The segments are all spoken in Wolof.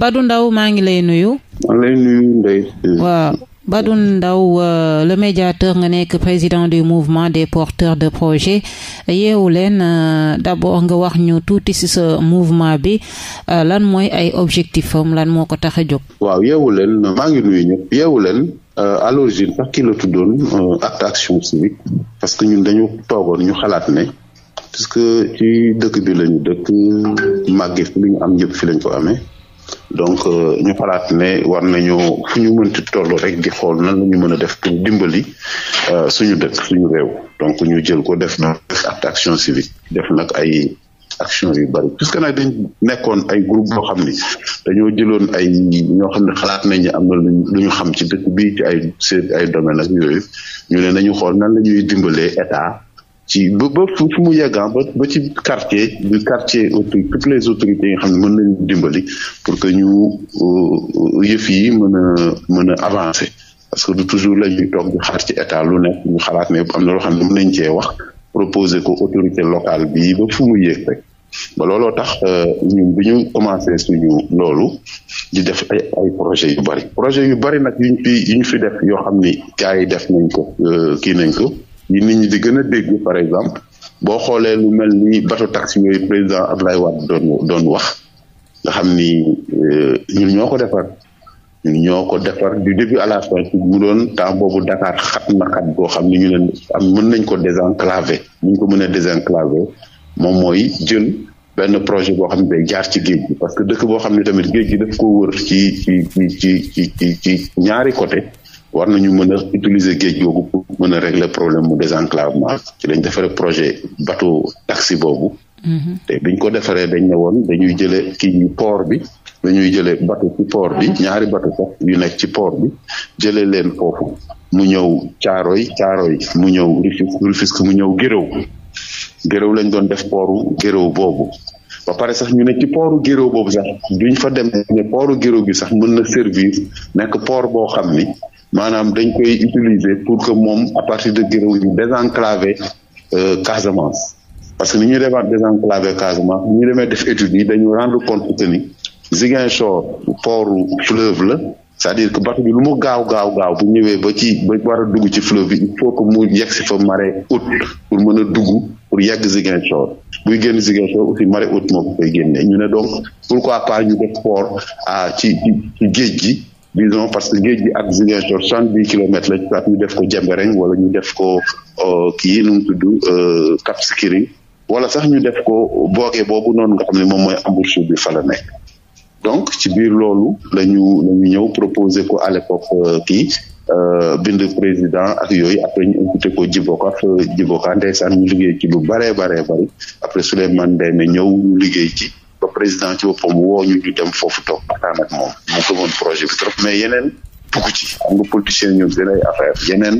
Badou Ndao maa ngi lay nuyu. maa ngi lay waaw Badou Ndao euh, le médiateur nga nekk président du mouvement des porteurs de projet yeewu leen euh, d'abord nga wax ñu tuuti ci sa mouvement bi euh, lan mooy ay objectif am lan moo ko tax a jóg. waaw yeewu leen maa ngi nuyu ñëpp yeewu leen euh, à l'origine sax ki tuddoon euh, acte action parce que ñun dañu toogoon ñu xalaat ne. parce que ci dëkk bi lañu dëkk màggee fi ñu am ñëpp fi lañ ko amee donc euh, ñu xalaat ne war nañoo fu ñu mënti toll rek di xool nan la ñu mën a def pour dimbali euh, suñu dëkk suñu réew donc ñu jël ko def na def ab action civique def nag ay action yu bari que nag dañ nekkoon ay groupe boo xam ni dañoo jëloon ay ñoo xam ne xalaat nañ ne am na lu ñu xam ci dëkk bi ci ay seen ay domaine ak yooyu ñu ne nañu xool nan la ñuy dimbalee état ci ba ba fu mu yegg ah ba ci quartier du quartier autorité toutes les autorités yi nga xam ne mën nañu dimbali pour que ñu euh, yëf yi mën a mën a avancer parce que du toujours la ñuy toog di ci état lu nekk xalaat ne am na loo xam ne mën nañ cee wax proposer ko autorité locale bi ba fu mu yéeg rek ba looloo tax euh, ñun bi ñu commencé suñu loolu di def ay ay projet yu bari projet yu bari nag yuñ fi fi def yoo xam ni gars yi def nañ ko euh, kii nañ ko yi nit ñi di gën a dégg par exemple boo xoolee lu mel ni bateau taxi yooyu président Abdoulaye Wade doon doon wax nga xam ni euh, ñun ñoo ko defar ñun ñoo ko defar du début à la fin mu doon temps boobu Dakar xat na xat boo xam ni ñu leen am mën nañ ko désenclaver ni ñu ko mënee désenclaver moom mooy jël benn projet boo xam ne day jaar ci géej gi parce que dëkk boo xam ne tamit géej gi def ko wër ci ci ci ci ci ci ñaari côté war nañu mën a utiliser géej googu pour mën a régler problème mu désenclavement ci lañ defaree projet bateau taxi boobu. Mhm. te biñ ko defaree dañ ne woon dañuy jëlee kii poor bi. dañuy jëlee bateau ci port bi mhm. ñaari batu sax yu nekk ci port jëlee leen foofu ñëw caaroy caaroy mu ñëw Rufisque Rufisque mu ñëw géréw lañ doon def portu géréw boobu ba pare sax ñu ci portu géréw boobu sax duñ fa dem ne portu géréw bi sax mën na servir nekk poor boo xam ni maanaam dañ koy utiliser pour que moom à partir de Guédiawaye ñu désenclaver euh, Casamance parce que ni ñuy defaat désenclaver Casamance ni ñu demee def études yi dañu rendre compte que ni Ziguinchor portu fleuve la cest à que bateau bi lu mu gaaw gaaw gaaw bu ñëwee ba ci ba war a dugg ci fleuve bi il faut que mu si fa marée haute pour mën a dugg pour yegg Ziguinchor buy génn Ziguinchor aussi marée haute moom ko koy génne ñu ne donc pourquoi pas ñu def port ci ci gi disons parce que géej gi ak Ziguinchor soixante dix kilomètres la soit ñu def ko Jembereñ wala ñu def ko euh, kii nu mu tudd euh, Cap wala sax ñu def ko boogee boobu noonu nga xam ne moom mooy embouchure bi fa donc ci biir loolu la ñu ñëw proposé ko à l'époque euh, kii bind président ak yooyu après ñu écouté ko Djiboka Djiboka ndeysaan ñu liggéey ci lu baree baree bari après Souleymane Ndéné ñëw ñu liggéey ci ba président ci boppam woo ñu ñu dem foofu toog waxtaan ak moom mu gëmoon projet bi trop mais yeneen dugg ci xam nga ñoom seen ay affaire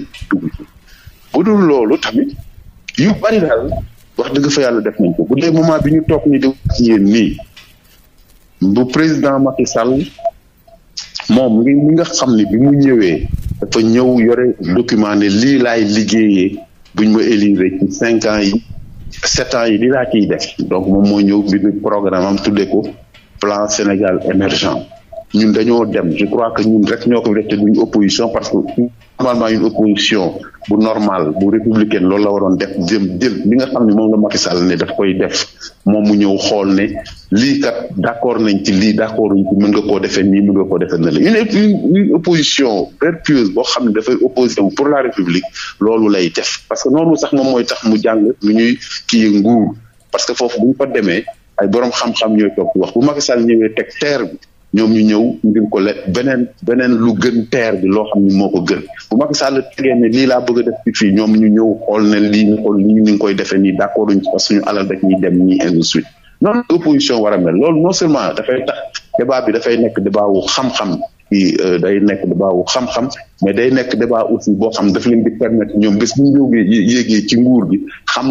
bu dul loolu tamit yu bari daal wax dëgg fa yàlla def nañ ko bu dee moment bi ñu toog ni di wax nii bu président Macky Sall moom mi mi nga xam ne bi mu ñëwee dafa ñëw yore document ne lii laay liggéeyee buñ ma élire ci cinq ans yi sept ans yi li laa ciy def donc moom moo ñëw bind programme am tuddee ko plan Sénégal émergent ñun dañoo dem je crois que ñun rek ñoo ko def te duñu opposition parce que normalement une opposition bu normale bu républicaine loolu la waroon def jëm jël li nga xam ne moom la Macky Sall ne daf koy def moom mu ñëw xool ne lii kat d'accord nañ ci lii d'accord nañ ci mën nga koo defee nii mën nga koo defee na la une une opposition vertueuse boo xam ne dafay opposé pour la république loolu lay def parce que noonu sax moom mooy tax mu jàng mu ñuy kii nguur parce que foofu bu ñu fa demee ay borom xam-xam ñooy toog wax bu Macky Sall ñëwee teg terre bi ñoom ñu ñëw ngir ko le beneen beneen lu gën teer bi loo xam ni moo ko gën bu Macky Sall tegee ne lii laa bëgg def ci fii ñoom ñu ñëw xool ne lii ñu xool ñu ngi koy defee nii d'accord uñ parce que suñu alal rek ñuy dem nii ainsi de suite noonu opposition war a mel loolu non seulement dafay tax débat bi dafay nekk débat wu xam-xam i euh, day nekk débat wu xam-xam mais day nekk débat aussi boo xam dafa leen di permettre ñoom bés bu ñu yógee ci nguur gi xam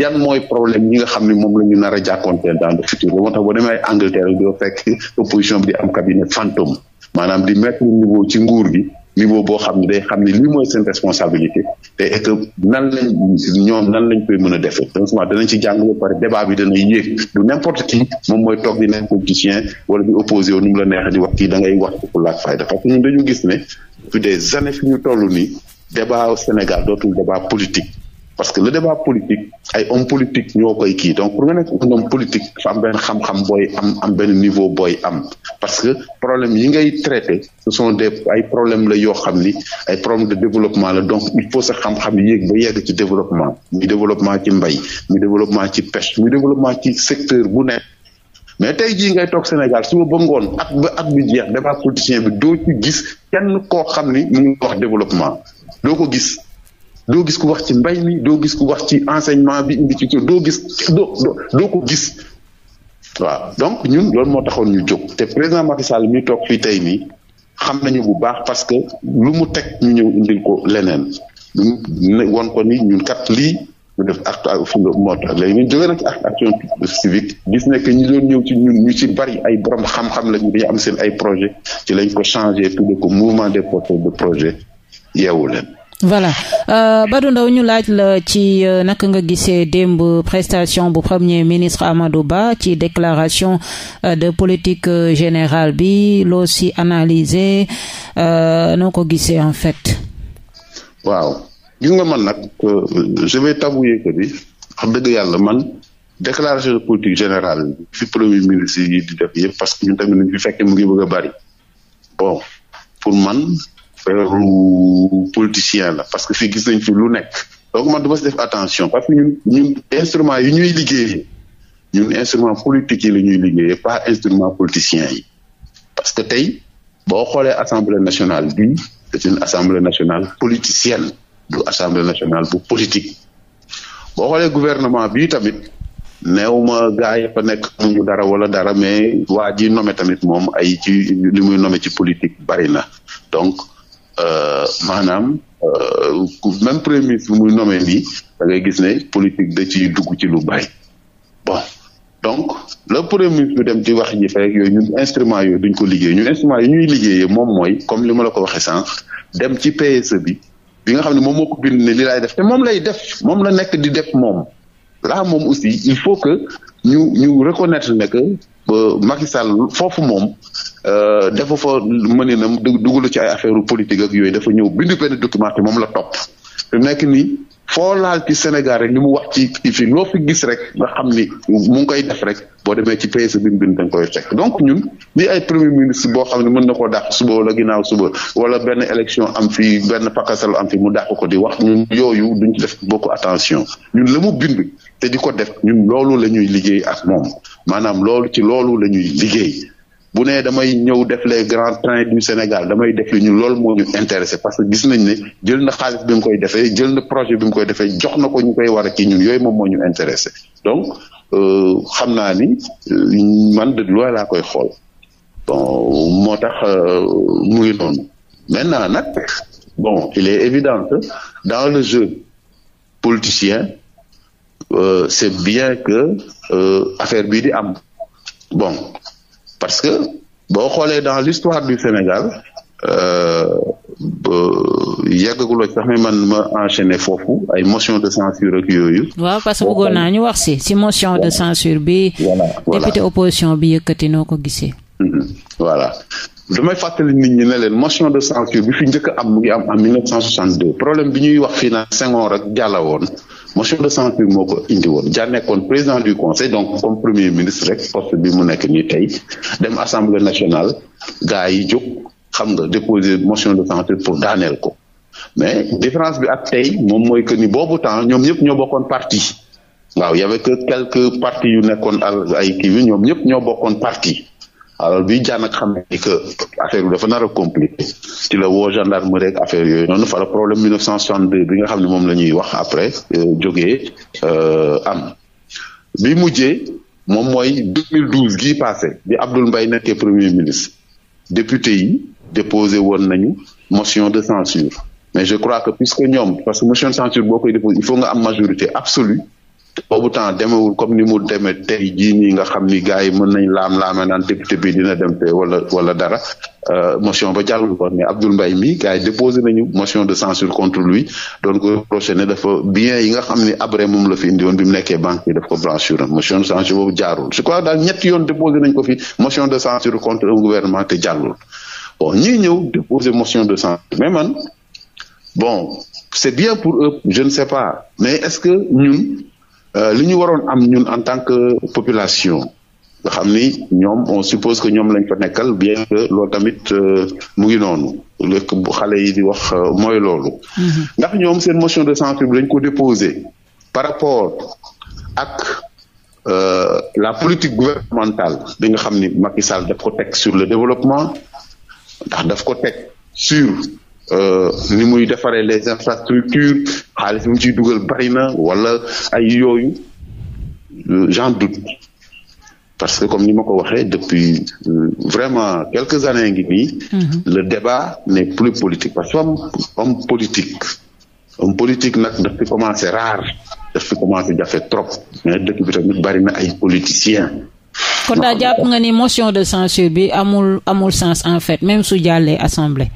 yan mooy problème ñi nga xam ne moom la ñu nar a jàkkoon dans le futur ba moo tax boo demee ay Angleterre o fekk opposition bi di am cabinet fantôme maanaam di mettre niveau ci nguur gi niveau boo xam ne day xam ne lii mooy seen responsabilité te et nan lañ ñoom nan lañ koy mën a defee donc danañ ci jàng ba pare débat bi dana yéeg du n'importe qui moom mooy toog di nekk politicien wala di opposé wu nu mu la neexee di wax kii da ngay laaj fayda parce que ñun dañu gis ne depuis des années fi ñu toll nii débat au Sénégal dootul débat politique parce que le débat politique ay homme politique ñoo koy kii donc pour nga nekk un homme politique dafa am benn xam-xam booy am am benn niveau booy am parce que problème yi ngay traité ce son des ay problèmes la yoo xam ni ay problèmes de développement la donc il faut sa xam-xam yéeg ba yegg ci développement muy développement ci mbay muy développement ci pêche muy développement ci secteur bu nekk mais tey jii ngay toog Sénégal suba ba ngoon at ba at bi jeex débat politicien bi doo ci gis kenn koo xam ni mu ngi wax développement doo ko gis doo gis ku wax ci mbay mi doo gis ku wax ci enseignement bi indi ci doo gis doo doo ko gis waaw donc ñun loolu moo taxoon ñu jóg te président Macky Sall mi toog fii tey nii xam nañu bu baax parce que lu mu teg ñu ñëw indil ko leneen ne woon ko ni ñun kat lii ñu def acte moo tax léegi ñun jógee na ci action civique gis ne que ñu doon ñëw ci ñun ñu ci bari ay borom xam-xam la ñu am seen ay projet ci lañ ko changé tudde ko mouvement de porteurs de projet yeewu leen voilà euh, Badou Ndao ñu laaj la ci euh, naka nga gisee démb prestation bu premier ministre Amadou Ba ci déclaration euh, de politique générale bi loo si analyser noo ko gisee en fait. waaw gis nga man nag je vais t'avouer que ni dëgg yàlla man déclaration de politique générale parce que ñun tamit ñu fi fekkee mu ngi bëgg a bari bon pour man. affaireu politicien la parce que fii gis nañ fi lu nekk donc man du ma def attention parce que ñun ñun instrument yi ñuy liggéey ñun instrument politique yi la ñuy liggéeyee pas instrument politicien yi parce que tey boo xoolee assemblée nationale bi c'est une assemblée nationale politicienne du assemblée nationale bu politique boo xoolee gouvernement bi tamit neew ma gars yi fa nekk muñu dara wala dara mais waa ji nommé tamit moom ay ci li muy nommé ci politique bari na donc Euh, maanaam euh, même premier ministre muy nommé nii da ngay gis ne politique da ci dugg ci lu bari bon donc le premier ministre bi dem ci wax ji fekk yooyu ñun instruments yooyu duñ ko liggéey ñun instruments yi ñuy liggéeyee moom mooy comme li ma la ko waxee sànq dem ci PSE bi bi nga xam ne moom moo ko bind ne li laay def te moom lay def moom la nekk di def moom là moom aussi il faut que ñu ñu reconnaître ne que euh, Macky Sall foofu moom Euh, dafa fa mën na dugalu ci ay affaire politique ak yooyu dafa ñëw bindu benn document moom la top fi mu nekk nii foo laal ci Sénégal rek li mu wax ci fi loo gis rek nga xam ni mu koy def rek boo demee ci pays bi mu bind koy teg donc ñun lii ay premier ministre boo xam ne mën na koo dàq suba wala ginnaaw suba wala benn élection am fi benn pakasal am mu dàq ko di wax ñun yooyu duñ ci def beaucoup attention ñun la mu bind te di ko def ñun loolu la ñuy liggéey ak moom maanaam loolu ci loolu la ñuy liggéey bu nee damay ñëw def les grands trains du Sénégal damay def li ñu loolu moo ñu intéressé parce que gis nañ ne jël na xaalis bi koy defee jël na projet bi mu koy defee jox na ko ñu koy war a kii ñun yooyu moom moo ñu intéressé donc euh, xam naa ni euh, man de loolu laa koy xool bon moo tax euh, mu ngi noonu maintenant nag bon il est évident que dans le jeu politicien c'est bien que euh, affaire bii di am bon parce que boo xoolee dans l'histoire du Sénégal euh, euh, yàggaguloo sax mi man ma enchaîner foofu ay motion de censure ak yooyu. waaw parce que bëggoon naa ñu wax si ci motion de censure bi. voilà député opposition bi yëkkati noo ko gisee. Mm-hmm. voilà damay fàttali nit ñi ne leen motion de censure bi fi njëkk am mu ngi am en 1962 problème bi ñuy wax fii naan Senghor ak Jàlla woon. monsieur de Saint-Louis moo ko indi woon ja nekkoon président du conseil donc comme premier ministre rek poste bi mu nekk nii tey dem assemblée nationale gars yi jóg xam nga déposer motion de santé pour daaneel ko mais différence bi ak tey moom mooy que ni boobu temps ñoom ñëpp ñoo bokkoon parti waaw y avait que quelques partis yu nekkoon ay kii bi ñoom ñëpp ñoo bokkoon parti alors bi jaan xam ne que affaire bi dafa nar a compliqué ci la woo gendarmerie ak affaire yooyu noonu fa la problème 1962 bi nga xam ne moom la ñuy wax après euh, jógee euh, am bi mujjee moom mooy 2012 gii passé bi Abdoul Mbaye nekkee premier ministre député yi déposé woon nañu motion de censure mais je crois que puisque ñoom parce que motion de censure boo koy déposé il faut nga am majorité absolue boobu temps demewul comme ni mu demee tey jii nii nga xam ni gars yi mën nañ laam-laame naan député bi dina dem wala dara euh, motion ba jàllul woon mais Abdoul Mbaye mii gars yi déposé nañu motion de censure contre lui doon ko reproché ne dafa bien yi nga xam ni après moom la fi indi woon bi mu nekkee banque yi daf ko blanchir motion de censure boobu jaarul je crois daal ñetti yoon déposé nañ contre un gouvernement te jàllul bon ñii ñëw déposé motion de censure mais bon c'est bien pour eux je ne sais pas mais est-ce que ñun Euh, li ñu waroon am ñun en tant que population nga xam ni ñoom on suppose que ñoom lañ ko nekkal bien que loolu tamit euh, mu ngi noonu lépp bu xale yi di wax euh, mooy loolu. Mm-hmm. ndax ñoom seen motion de censure bi lañ ko déposé par rapport ak. Euh, la politique gouvernementale bi nga xam ni Macky Sall daf ko teg sur le développement ndax def ko teg sur Euh, ni muy defaree les infrastructures xaalis bi mu ciy dugal bari na wala ay yooyu j'en doute parce que comme ni ma ko waxee depuis euh, vraiment quelques années ngi nii mhm. le débat n'est plus politique parce que homme politique homme nag daf fi commencé rare daf fi commencé jafe trop mais dëkk bi tamit bari na ay politiciens kon daa jàpp nga ni motion de censure bi amul amul sens en fait même su jàllee assemblée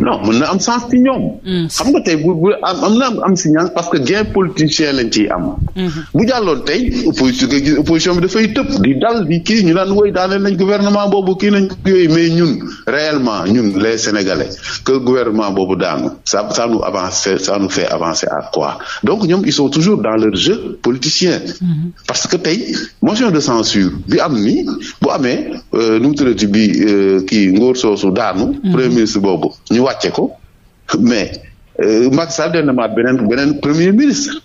non mën na am sens ci ñoom. Hmm. am na am sens parce que gain politicien lañ ciy am. Hmm. bu jàlloon tey opposition nga gis opposition bi dafay tëb di dal di kii ñu naan woy daaneel nañ gouvernement boobu kii nañ yooyu mais ñun réellement ñun les sénégalais que gouvernement boobu daanu ça ça nous avancer à quoi donc ñoom ils sont toujours dans leur jeu politicien. Hmm. parce que tey motion de censure bi am ni bu amee euh, nu mu tuddati bi euh, kii ngóor soosu daanu. premier boobu. wàcce ko mais euh, Macky Sall dana maat beneen beneen premier ministre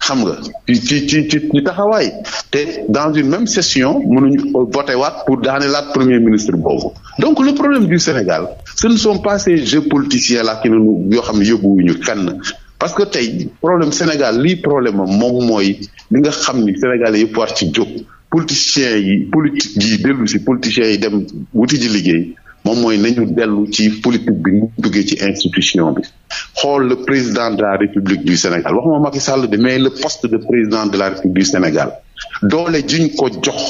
xam nga ci ci ci ci taxawaay te dans une même session mënuñu voté waat pour daane laat premier ministre boobu donc le problème du Sénégal ce ne sont pas ces jeux politiciens là qui nous yoo xam ne yóbbuwuñu kenn parce que tey problème Sénégal lii problème am moom mooy li nga xam ni Sénégalais yëpp war ci jóg politiciens yi politique yi dellu si politiciens yi dem wuti ji liggéey moom mooy nañu dellu ci politique bi ñu duggee ci institution bi xool le président de la République du Sénégal waxuma Macky Sall de mais le poste de président de la République du Sénégal doole jiñ ko jox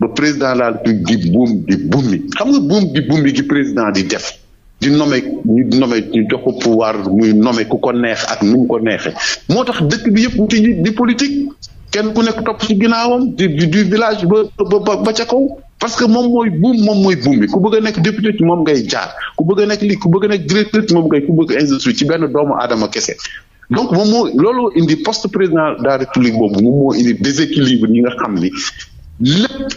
ba président de la République di buum di bummi xam nga buum di bummi gi président di def di nome ñu nommé ñu jox ko pouvoir muy nommé ku ko neex ak nu mu ko neexee moo tax dëkk bi yëpp di di politique kenn ku nekk topp ci ginnaawam du du village ba ba ba ca kaw parce que moom mooy buum moom mooy buum bi ku bëgg a nekk député ci moom ngay jaar ku bëgg a nekk lii ku bëgg a nekk directeur ci moom ngay ku bëgg ainsi de suite ci benn doomu aadama kese donc moom moo loolu indi poste président de la république boobu moom moo indi déséquilibre ñi nga xam ni lépp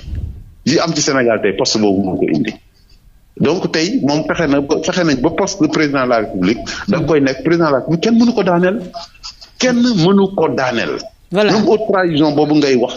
yi am ci Sénégal tey poste boobu moo ko indi donc tey moom fexe na ba nañ ba poste de président de la république da koy nekk président de la république kenn mënu ko daaneel kenn mënu ko daaneel voilà donc haute trahison boobu ngay wax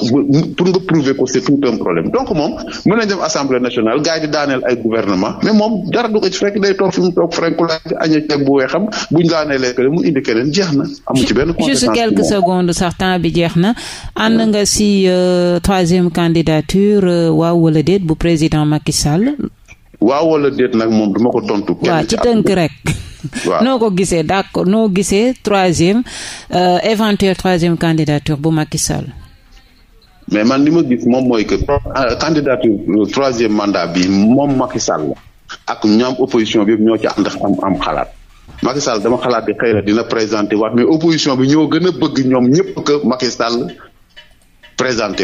pour nga prouver ko c' est tout un problème donc moom mën nañ dem assemblée nationale gars yi di daaneel ay gouvernement mais moom dara du ko ci fekk day toog fi mu toog frenku laa ci aña bu indi keneen jeex na amu ci benn conséquence juste quelques secondes sax temps bi jeex na ànd nga si euh, troisième candidature euh, waaw wala déet bu président Macky Sall waaw wala déet nag moom duma ko tontu kenn waaw ci tënk rek waaw noo ko gisee d'accord noo gisee troisième euh, éventuelle troisième candidature bu Macky mais man li ma gis moom mooy que euh, candidature euh, troisième mandat bi moom Macky Sall la ak ñoom opposition bi yëpp ñoo ci ànd am xalaat Macky dama xalaat di xëy rek dina présenté waat mais opposition bi ñoo gën a bëgg ñoom ñëpp que Macky Sall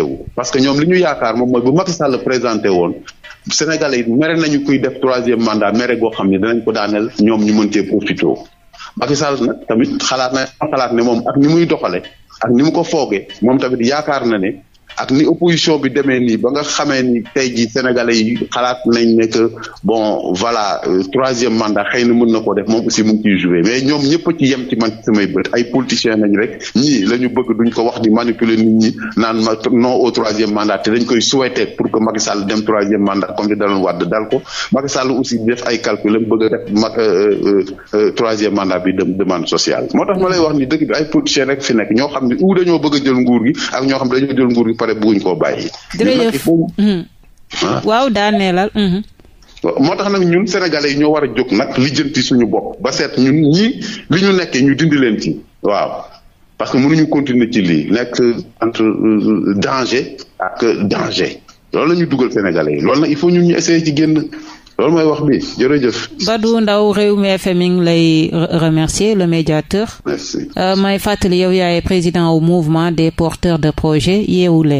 wu parce que ñoom li ñu yaakaar moom mooy bu Macky Sall présenté woon sénégal yi mere nañu kuy def troisième manda mere goo xam ne danañ ko daaneel ñoom ñu mën cee profité Macky Sall nag tamit xalaat na xalaat ne moom ak ni muy doxale ak ni mu ko foogee moom tamit yaakaar na ne ak ni opposition bi demee nii ba nga xamee ni tey jii sénégalais xalaat nañ ne que bon voilà euh, troisième mandat xëy na mën na ko def moom aussi mu ngi mais ñoom ñëpp ci yem ci man ci samay bët ay politiciens nañ rek ñii la ñu bëgg duñ ko wax di manipuler nit ñi naan ma non o troisième mandat te dañ koy souhaiter pour que Macky Sall dem troisième mandat comme li daloon Wade dal ko Macky Sall aussi def ay calcul am bëgg a def ma euh, euh, troisième mandat bi demande sociale moo tax ma lay wax ni dëkk bi ay politiciens rek ñoo xam ne ou dañoo bëgg a gi ak ñoo xam ne jël nguur gi pare bëgguñ koo bàyyi. jërëjëf hmm. ah. waaw daaneelal. Hmm. moo tax nag ñun sénégalais yi ñoo war a jóg nag lijjanti suñu bopp ba seet ñun ñii li ñu nekkee ñu dindi leen ci waaw parce que mënuñu continuer ci lii nekk entre euh, danger ak danger lool la ñu dugal sénégalais yi lool nag il faut ñun ñu essayer ci génn. loolu mooy wax bi jërëjëf. Badou Ndao Rewmi FM mi ngi lay remercier le médiateur. merci euh, may fàttali yow yaay président au mouvement des porteurs de projet yeewu leen.